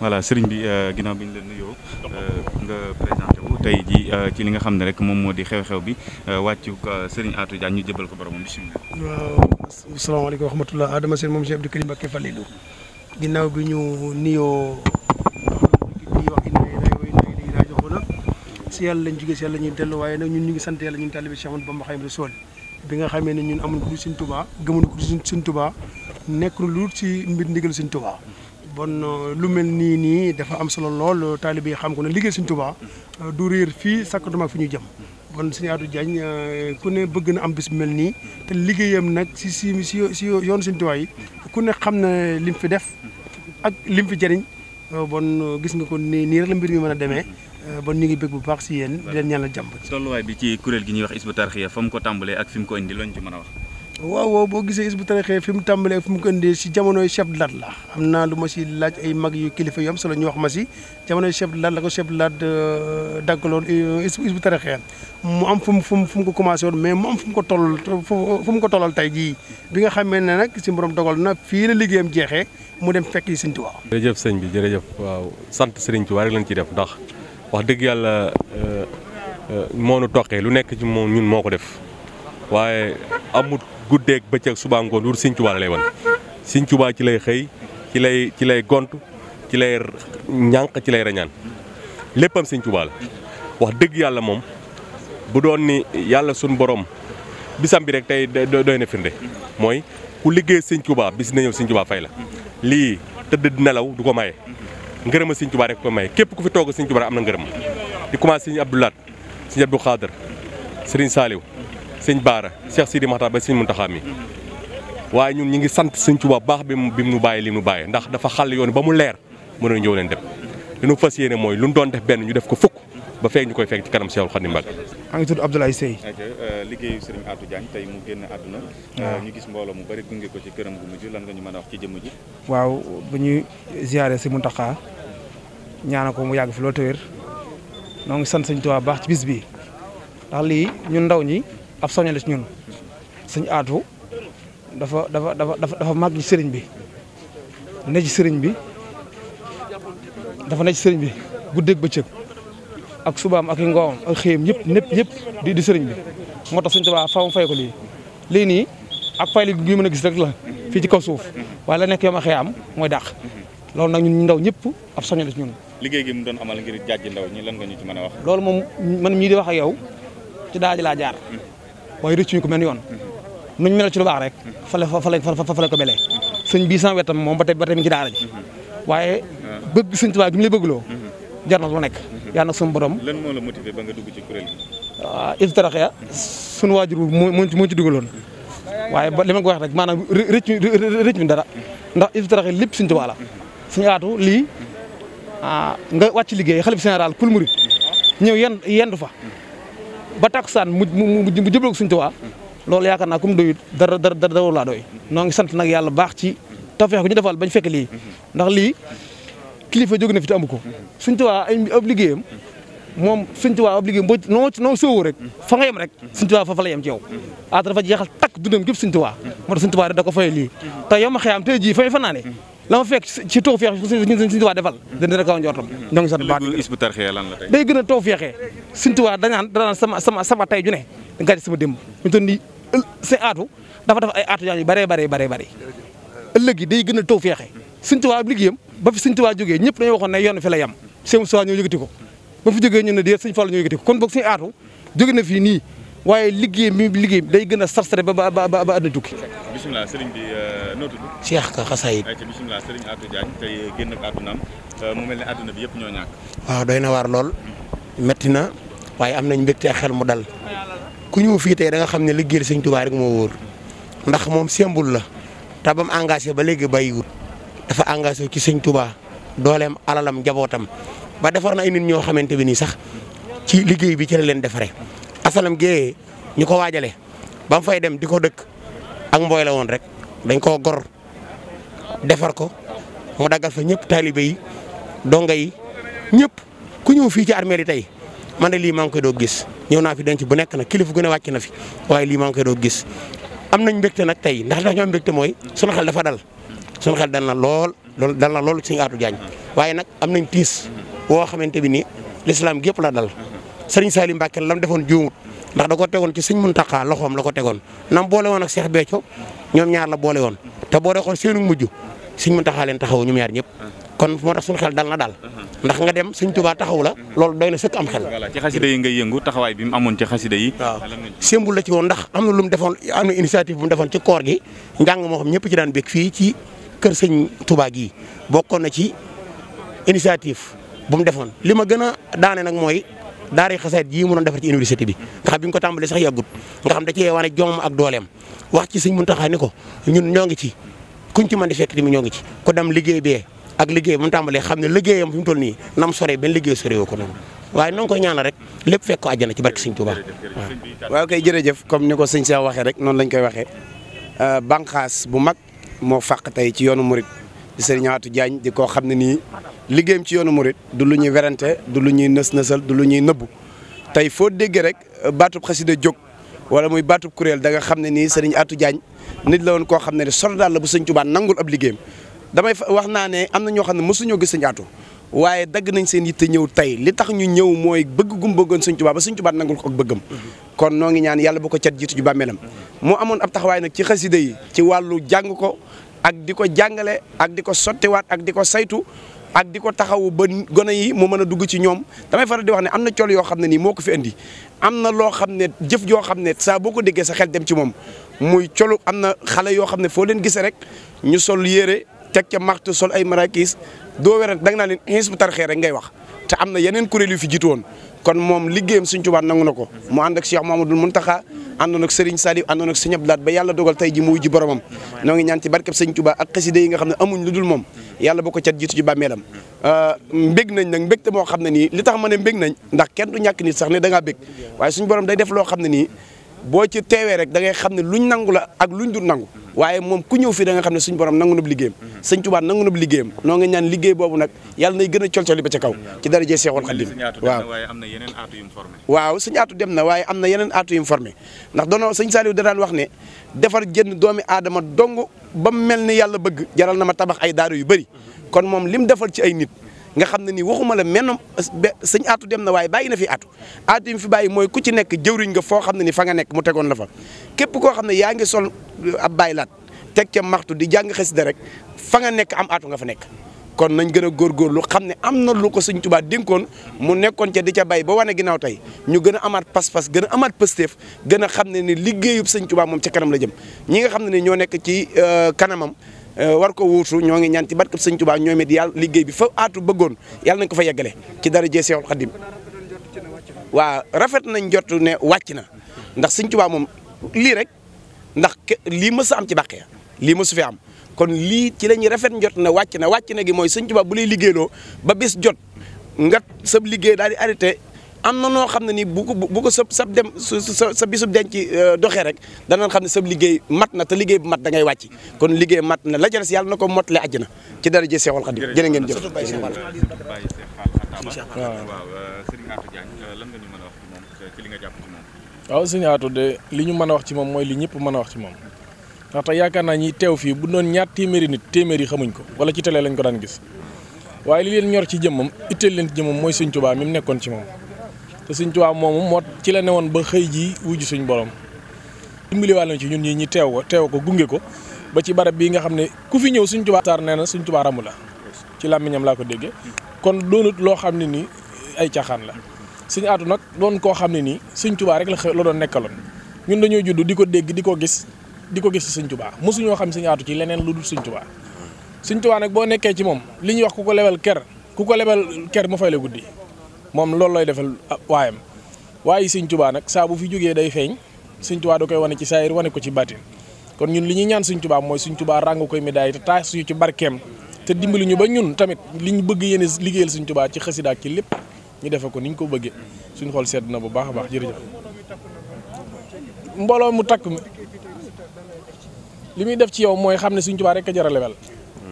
voilà sëriñ bi euh, ginnaaw bi ñu la nuyoo euh, nga présenté tey ji euh, ci li nga xam ne rek moom moo di xew-xew bi wàccu sëriñ atu Diagne ñu jëbal ko boromam bisimilah. waaw salaamaaleykum wa rahmatulah Adama Sène moom Cheikh Abdou Karim Mbacké Falilou ginnaaw bi ñu nuyoo si yàlla lañ jógee si yàlla dellu waaye nag ñun ñu ngi sant yàlla ñun taalibe Cheikh Ahmadou Bamba Xaadimu Rasuul bi nga xamee ne ñun amuñ ko du Sëriñ Tuubaa gëmuñ ko du Sëriñ Tuubaa nekk lu si mbir ndigal Sëriñ Tuubaa bon euh, lu mel nii nii dafa am solo lool taalibe yi xam ko ne liggéey Sëriñ Tuubaa euh, du réer fii sakkatuma fi ñu jëm kon Sëriñ Atou Diagne euh, ku ne bëgg na am bis mel nii te liggéeyam nag si si si si yoon Sëriñ Tuubaa yi ku ne xam na lim fi def ak lim fi jëriñ bon gis nga ko nii nii rek la mbir mi mën a demee bon ñu ngi bëgg bu baax si yéen di leen ñaanal jàmm tolluwaay bi ci kuréel gi ñuy wax Hizbut Tarqiyyah fa mu ko tàmbalee ak fi mu ko indi loñ ci mën a wax waaw waaw boo gisee Hizbut Tarqiyyah fi mu tàmbalee fu mu ko indee si jamonoy chef de l'État la am naa lu ma laaj ay mag yu kilifa yu am solo ñu wax ma si jamonoy chef de l'État la ko chef de l'État euh, dàggaloon Hizbut euh, Tarqiyyah mu am fu mu fu mu ko commencé woon mais mu fu mu ko toll fu mu ko tollal tey jii bi nga ne nag si borom dogal na fii la liggéeyam jeexee mu dem fekk yi Sëñ Tuubaa. jërëjëf sëñ bi jërëjëf waaw sant Sëriñ Tuubaa rek lañ ciy def ndax wax dëgg yàlla euh, moo nu toqee lu nekk ci moom ñun moo ko def waaye amut guddeeg bëccëg subaa ngoon loolu Sëñ Tuubaa lay wan Sëñ Tuubaa ci lay xëy ci lay ci lay gont ci lay ñànq ci lay rañaan léppam Sëñ Tuubaa la wax dëgg yàlla moom bu doon ni yàlla suñ borom bisam bi rek tey doy na firnde mooy ku liggéey Sëñ Tuubaa bis na ñëw Sëñ fay la lii tëdd nelaw du ko maye ngërëma Sëñ Tuubaa rek ko maye képp ku fi toog Sëñ am na ngërëm di commencé Sëñ Abdou Lahat Sëñ Abdou Khadr Saaliw sëñ Baara Cheikh Sidi Makhtar ba sëñ Muntaxa mi waaye ñun ñi ngi sant sëñ Tuubaa baax bi mu nu bàyyi li mu bàyyi ndax dafa xàll yoon ba mu leer mën a ñëw leen dem li ñu fas yéene mooy lu ñu doon def benn ñu def ko fukk ba feeg ñu koy fekk ci kanam Cheikh Khadim Mbacke. maa ngi tudd Abdoulaye Seye. Euh, liggéeyu Serigne Atou tey mu génn àdduna. Euh, ñu gis mbooloo mu bari gunge ko ci këram gu mujj lan nga ñu mën a wax ci jëmm ji. waaw bu ñuy ziare si Muntaxa ñaana ko mu yàgg fi loolu te wér noo ngi sant sëñ Tuubaa baax ci bis bi ndax lii ñun ndaw ñi ab soññe la ci ñun sëñ aatu dafa dafa dafa dafa màgg ci sëriñ bi ne ci sëriñ bi dafa ne ci sëriñ bi bu guddeeg bëccëg ak subaam ak i ngoom ak xëyam ñëpp ñëpp ñëpp di sëriñ bi moo tax sëñ Tuubaa faaw mu fay ko lii lii nii ak fay li gi mën a gis rek la fii ci kaw suuf waaye la nekk yow ma xëy am mooy dàq loolu nag ñu ndaw ñëpp ab soññe la ñun liggéey gi mu doon amal ngir jàjji ndaw ñi lan nga ñu ci mën a wax loolu moom man mii di wax a yow ci daal ji laa jaar waaye rëccuñu ko mel yoon nuñ mel ci lu baax rek fa la fa la fa la ko melee sëñ bii sama wetam moom ba tey ba tey mi ngi ci daara ji waaye bëgg sëñ Tuubaa gi mu lay bëggloo jar na lu nekk yàlla nag suñu borom lan moo la motivé ba nga dugg ci kuréel gi waaw ah, Hizbut-Tarqiyyah suñu waajur moo moo ci dugaloon waaye ba li ma ko wax rek maanaam rëcc rëcc mi dara ndax Hizbut-Tarqiyyah lépp sëñ Tuubaa la suñu aatu lii ah, nga wàcc liggéey xalif général kul murid ñëw yendu fa ba takkusaan mu mu mu jublu ak suñu Tuubaa loolu yaakaar naa ku mu doyut dara dara dara laa doy noo ngi sant nag yàlla baax ci tawfeex gu ñu defal bañ fekk lii ndax lii kilifa jóge na fi te amu ko suñu Tuubaa ay ab liggéeyam moom suñ tubaab obligé boo noo noo sóowu rek fa nga yem rek suñ tubaab fa fa la yem ci yow ah dafa jeexal takk dundam gépp suñ tubaab moo tax suñ rek da ko fay lii te yow ma xëyaam tey jii fa ñu fa naane la ma fekk ci tawfeex suñu Tuubaa defal dina kaw njortam ñoo ngi sant baax day gën a tawfeexee suñu Tuubaa dañaan danaan sama sama sama tey ju ne danga ci sama démb ni seen aatu dafa def ay aatu yaa yu bëree bëree bëree bëri ëllëg yi day gën a tawfeexee suñu Tuubaa liggéeyam ba fi suñu Tuubaa jógee ñëpp dañoo waxoon ne yoon fi la yem seen suwaa ñoo yëkkati ko ba fi jógee ñu ne dee suñu Fallu ñoo yëkkati ko kon boog suñu aatu jóge na fii nii waaye liggéey mi liggéey day gën a sarsare ba ba ba ba àdduna tukki. bisimilah euh, Ka Xasaayid. Euh, waaw doy na waar lool. metti na waaye am nañ mbégte ak xel mu dal ku ñëw fii tey da nga xam ne liggéey sëñ Tuubaa rek moo wóor ndax moom symbole la te ba engagé ba léegi bàyyiwut dafa engagé ci sëñ tubaa dooleem alalam njabootam ba defar na ay ñoo xamante bi nii sax ci liggéey bi ci la leen defaree. asalam géeyee ñu ko waajalee ba mu fay dem di ko dëkk ak mbooy la woon rek dañ koo gor defar ko mu daggal fa ñëpp taalibe yi donga yi ñëpp ku ñëw fii ci armée li tey man de lii maa ngi koy doog gis ñëw naa fi denc bu nekk na kilifa gën a wàcc na fi waaye lii maa ngi koy doog gis. am nañ mbégte nag tey ndax dafa ñoo mbégte mooy sunu xel dafa dal sunu xel dal na lool lool dal na lool ci Atou waaye nag am nañ tiis woo xamante bi ni l'islam gépp la dal. sëriñ Salim Mbacke lam defoon juumut ndax da ko tegoon ci sëñ Muntaxa loxoom la ko tegoon nam boole woon ak Cheikh Béthio ñoom ñaar la boole woon te boo dee xool seenu mujj sëñ Muntaxa leen taxaw ñoom ñaar ñëpp kon moo tax suñu xel dal na daal ndax nga dem sëñ Tuubaa taxaw la loolu doy na sëkk am xel voilà ci xasida yi ngay yëngu taxawaay bi mu amoon ci xasida yi waaw symbole la ci woon ndax am na lu mu defoon am na initiative bu mu defoon ci koor gi njàng moo xam ci daan bég fii ci kër sëñ Tuubaa gi bokkoon na ci initiative bu mu defoon li ma gën a daane nag mooy daara xasaayit jii mu doon defar ci université bi nga xam bi ñu ko tàmbalee sax yàggut nga xam da cee wane jomm ak dooleem wax ci sëñ Muntaxa ni ko ñun ñoo ngi ci kuñ ci mën di fekk tamit ñoo ngi ci ko dem liggéey bee ak liggéey bi mu tàmbalee xam ne liggéeyam fi mu toll nii nam sore benn liggéey sore woo ko noonu waaye noo ngi koy ñaanal rek lépp fekk ko àjjana ci barke sëñ Tuubaa waaw waaw kay jërëjëf comme ni ko sëñ Cheikh waxee rek noonu lañ koy waxee euh, banqaas bu mag moo fàq tey ci yoonu murit di sëriñ Atou Diagne di koo xam ne nii liggéeyam ci yoonu murit du lu ñuy werante du ñuy nës nësal du lu ñuy nëbbu tey foo déggee rek baatub xasida jóg wala muy baatub kuréel da nga xam ne nii sëriñ Atou Diagne nit la woon koo xam ne ne soldat la bu sëñ Tuubaa nangul ab liggéeyam damay naa ne am na ñoo xam ne mësuñoo gis sëñ Atou dagg nañ seen yitte ñëw tey li tax ñu ñëw mooy bëgg gum bëggoon sëñ Tuubaa ba sëñ Tuubaa nangul ko ak bëggam kon noo ngi ñaan yàlla bu ko cat jiitu ju bàmmeelam moo amoon ab taxawaay nag ci xasida yi ci wàllu jàng ko ak di ko jàngale ak di ko sottiwaat ak di ko saytu ak di ko taxawu ba gone yi mu mën a dugg ci ñoom damay faral di wax ne am na col yoo xam ne nii moo ko fi indi am na loo xam ne jëf joo xam ne saa boo ko déggee sa xel dem ci moom muy colu am na xale yoo xam ne foo leen gisee rek ñu sol yére teg ca maxtu sol ay marakis doo wéret da naa leen Hizbut Tarqiyyah rek ngay wax te am na yeneen kuréel yu fi jiitu woon kon moom liggéeyam suñ Tuubaa nangu na ko mu ànd ak Cheikh Mamadou Mountakha àndoon ak Serigne Salif àndoon ak Serigne Abdou Lahad ba yàlla dogal tey ji mu wujji boromam noo ngi barkeb sëñ Tuubaa ak xasida yi nga xam ne amuñ lu dul moom yàlla ba ko cat jiitu ci bàmmeelam euh, mbég nañ nag mbégte moo xam ne nii li tax ma ne mbég nañ ndax kenn du ñàkk nit sax ne danga ngaa bég waaye suñ borom day def loo xam ne nii boo ci teewee rek da xam ne luñ nangu la ak luñ du nangu waaye moom ku ñëw fii da nga xam ne suñ borom nangu nab liggéeyam sëñ Tuubaa nangu nab liggéeyam noo ñaan liggéey boobu nag yàlla nay gën a colcoli ba ca kaw ci daraje Seexul Xadiim waaw waaw sañ aatu dem na waaye am na yeneen aatu yu mu ndax doonoo sañ Saliou da wax ne defar jënn doomi aadama dong ba mu mel ni yàlla bëgg jaral na ma tabax ay daara yu bëri kon moom lim defal ci ay nit nga xam ne ni waxuma la menn sëñ atu dem na waaye bàyyi na fi atu aatu mu fi bàyyi mooy ku ci nekk jëwriñ nga foo xam ne ni fa nga nekk mu tegoon la fa képp koo xam ne yaa ngi sol euh, ab baylaat teg ca maxtu di jàng xasida rek fa nga nekk am atu nga fa nekk kon nañ gën a góorgóorlu xam ne am na lu ko sëñ Tuubaa dénkoon mu nekkoon ca di ca bay ba wane ginnaaw tey ñu gën a amaat pas-pas gën a amaat pësteef gën a xam ne ni liggéeyub sëñ Tuubaa moom ca kanam la jëm ñi nga xam ne ni ñoo nekk ci euh, kanamam Euh, war ko wuutu ñoo ngi ñaan ci barkab sëñ Tuubaa ñoom it liggéey bi fa aatu bëggoon yàlla nañ ko fa yeggale ci dara jee Seexul Xadim waa rafet nañ jot ne wàcc na ndax sëñ moom lii rek ndax lii mës am ci bàqee lii mësu fi am kon lii ci la ñuy rafet njot na wàcc na wàcc na gi mooy sëñ Tuubaa bu lay liggéeyloo ba bis jot ngat sab liggéey daal di arrêté am na noo xam ne ni bu ko bu ko sa sab dem sa sa bisub denc euh, doxee rek danañ xam ne sa liggéey mat na te liggéey bu mat da ngay wàcc kon liggéey mat na la jëres yàlla na ko mottale àjjana ci dara ji Seexul Xadim jërë ngeen jëf waaw euh, sëñ euh, Atou de li ñu mën a wax ci moom mooy li ñëpp mën a wax ci moom ndaxte yaakaar naa ñi teew fii bu doon ñaar téeméeri nit téeméeri yi xamuñ ko wala ci télé lañ ko daan gis waaye li leen ñor ci jëmmam itteel leen ci jëmmam mooy sëñ Tuubaa mi mu nekkoon ci moom te Sëñ Tuubaa moomu moo ci la woon ba xëy ji wujj suñ borom dimbaliwaale na ci ñun ñi ñi teew ko teew ko gunge ko ba ci barab bii nga xam ne ku fi ñëw suñ Tuubaa tar nee na Sëñ Tuubaa la ci làmmiñam laa ko déggee kon doonut loo xam ne nii ay caaxaan la Sëñ Aatu nag doon koo xam ne nii Sëñ la la doon nekkaloon ñun dañoo judd di ko dégg di ko gis di ko gis si Sëñ Tuubaa mosuñoo xam Sëñ Aatu ci leneen lu dul Sëñ Tuubaa Sëñ nag boo nekkee ci moom li ñuy wax ku ko lebal ker ku ko lebal ker mu fay la guddi moom loolu lay defal ah, waayam waaye suñ Tuubaa nag saa bu fi jógee day feeñ suñ Tuubaa du koy wane ci saayir wane ko ci baatin kon ñun li ñuy ñaan suñ tubaa mooy Sëñ Tuubaa ràng koy médaille te taas suñu ci barkeem te dimbali ñu ba ñun tamit li ñu bëgg yéen liggéeyal suñ tubaa ci xasida ak ci lépp ñu defe ko ni ñu ko bëggee suñ xool sedd na bu baax a baax jërëjëf mbooloo mu takk li muy def ci yow mooy xam ne suñ Tuubaa rek a jara a lebal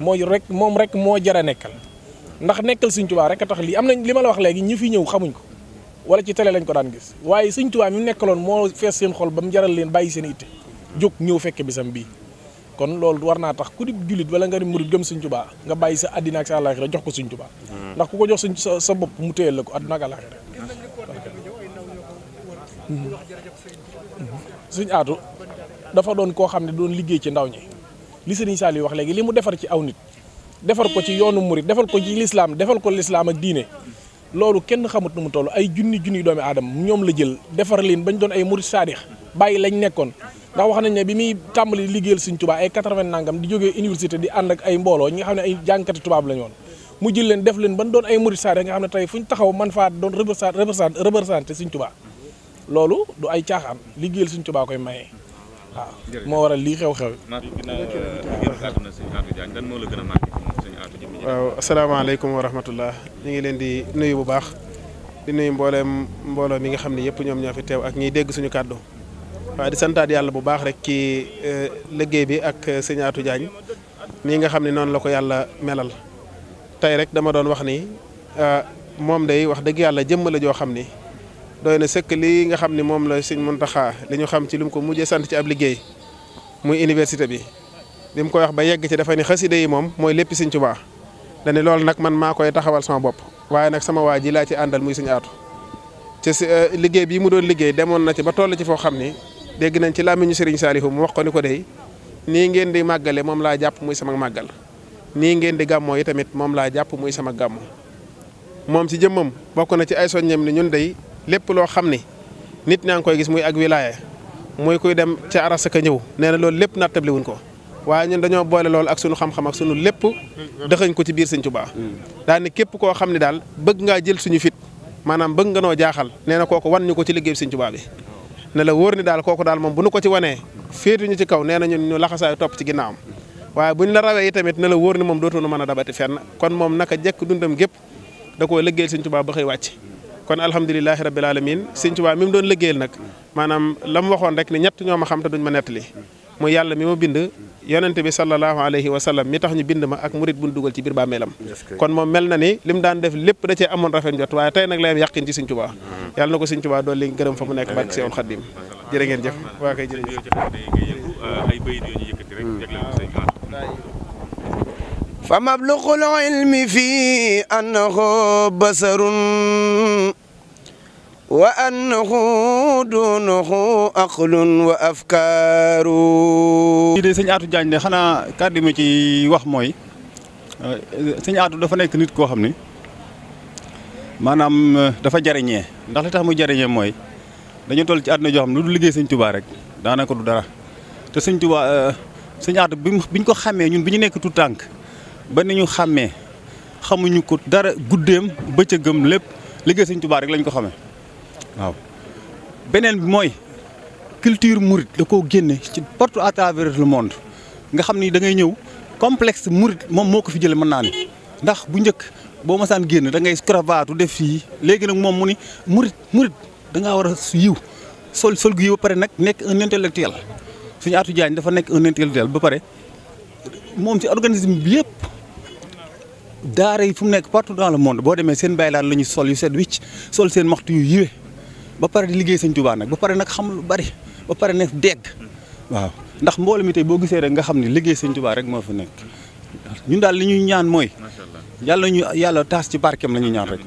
mooy rek moom rek moo jar a nekkal ndax nekkal suñ Tuubaa rek a tax lii am nañ li ma la wax léegi ñi fi ñëw xamuñ ko wala ci tele lañ ko daan gis waaye sëñ Tuubaa mi nekkaloon moo fees seen xol ba mu jaral leen bàyyi seen itte jóg ñëw fekke bisam bii kon loolu war naa tax ku di jullit wala nga di murid gëm suñ Tuubaa nga bàyyi sa àddina ak sa àllaaxira jox ko sëñ Tuubaa hmm. ndax ku ko jox sëñ sa sa bopp mu téyel la ko àddina ak àllaaxira sëñ aatu dafa doon koo xam ne doon liggéey ci ndaw ñi li sëriñ Saliou wax léegi li mu defar ci aw nit defal ko ci yoonu murit defal ko ci lislaam defal ko lislaam ak diine loolu kenn xamut nu mu toll ay junni junni doomi aadama ñoom la jël defar leen bañ doon ay murit saadix bàyyi lañ nekkoon ndax wax nañ ne bi muy tàmbali liggéeyal Sëñ Tuubaa ay quatre-vingt nangam di jógee université di ànd ak ay mbooloo ñi nga xam ne ay jàngkati tubaab lañ woon mu jël leen def leen ban doon ay murit saadix nga xam ne tey fu ñu taxaw man faa doon représenté représenté Sëñ Tuubaa loolu du ay caaxaan liggéeyal Sëñ Tuubaa koy maye waaw moo waral lii xew-xew. lan moo la gën a marqué waaw asalaamaaleykum wa rahmatullah ñu ngi leen di nuyu bu baax di nuyu mbooleem mbooloo mi nga xam ne yëpp ñoom ñoo fi teew ak ñiy dégg suñu kàddu waaw di santaat yàlla bu baax rek ci eh, liggéey bi ak eh, sëñ Atou Diagne nga xam ne noonu la ko yàlla melal tey rek dama doon wax ni ah, moom day wax dëgg yàlla jëmm la joo xam ni doy na sëkk lii nga xam ni moom la sëñ Muntaxa li ñu xam ci li mu ko mujjee sant ci ab liggéey muy université bi li mu koy wax ba yegg ci dafa ni xaside yi moom mooy lépp sëñ Tuubaa dañu loolu nag man maa koy taxawal sama bopp waaye nag sama waa ji laa ci àndal muy suñu aatu ci euh, liggéey bi mu doon liggéey demoon na ci ba toll ci foo xam ni dégg nañ ci làmmiñu Serigne Saliou mu wax ko ni ko dey nii ngeen di màggale moom laa jàpp muy sama màggal nii ngeen di gàmmoo yi tamit moom laa jàpp muy sama gàmmo moom ci jëmmam bokk na ci ay soññam ni ñun dey lépp loo xam ni nit ñaa ngi koy gis muy ak wilaaya muy kuy dem ca arasaka ñëw nee na loolu lépp nattabliwuñ ko waaye ñun dañoo boole loolu ak sunu xam-xam ak sunu lépp dëxañ ko ci biir sëñ Tuubaa daal ne képp koo xam ne daal bëgg ngaa jël suñu fit maanaam bëgg nga noo jaaxal nee na kooku wan ñu ko ci liggéey sëñ Tuubaa bi ne la wóor ni daal kooku daal moom bu nu ko ci wanee féetu ñu ci kaw nee na ñun ñu laxasaayu topp ci ginnaawam waaye buñ la tamit ne la wóor ni moom dootoonu mën a dabati fenn kon moom naka jekk dundam gépp da koo liggéeyal sëñ Tuubaa ba xëy wàcc kon alhamdulilahi rabil alamin sëñ Tuubaa mi mu doon liggéeyal nag maanaam la waxoon rek ne ñett ñoo ma xam te duñ ma mooy yàlla mi ma bind yonente bi sallallahu alayhi wa sallam mi tax ñu bind ma ak murit bu dugal ci biir bàmmeelam kon moom mel na ni lim daan def lépp da cee amoon rafet jot waaye tey nag la yàqin ci Sëñ mm-hmm. yàlla na ko Sëñ Tuubaa li gërëm fa mu nekk barke Seexul Xaddim jërë ngeen وأنه دونه عقل وأفكار lii de sëñ Atou Diagne de xanaa kàddu ma ci wax mooy euh, sëñ Atou dafa nekk nit koo xam ni maanaam euh, dafa jariñee ndax li tax mu jariñee mooy dañu toll ci àdduna joo xam ne lu du liggéey sëñ Touba rek daanaka du dara te sëñ Touba euh, sëñ Atou bi biñ ko xamee ñun bi ñu nekk tu tànk ba ni ñu xàmmee xamuñu ko dara guddeem bëccëgam lépp liggéey sëñ Touba rek lañ ko xamee waaw beneen bi mooy culture murit da koo génne ci partout à travers le monde nga xam ni da ngay ñëw complexe murit moom moo ko fi jëlee mën naa ni ndax bu njëkk boo masaan génn da ngay cravate def fii léegi nag moom mu ni murit murit da ngaa war a yiw sol sol gu ba pare nag nekk un intellectuel suñu atu Diagne dafa nekk un intellectuel ba pare moom ci organisme bi yëpp daara yi fu mu nekk partout dans le monde boo demee seen baylaat la ñu sol yu set wicc sol seen maxtu yu ba pare di liggéey sëñ Tuubaa nag ba pare nag xam lu bari ba pare ne dégg waaw ndax mbooloo mi tey boo gisee rek nga xam ni liggéey sëñ Tuubaa rek moo fi nekk ñun daal li ñuy ñaan mooy yàlla ñu yàlla taas ci barkeem la ñuy ñaan rek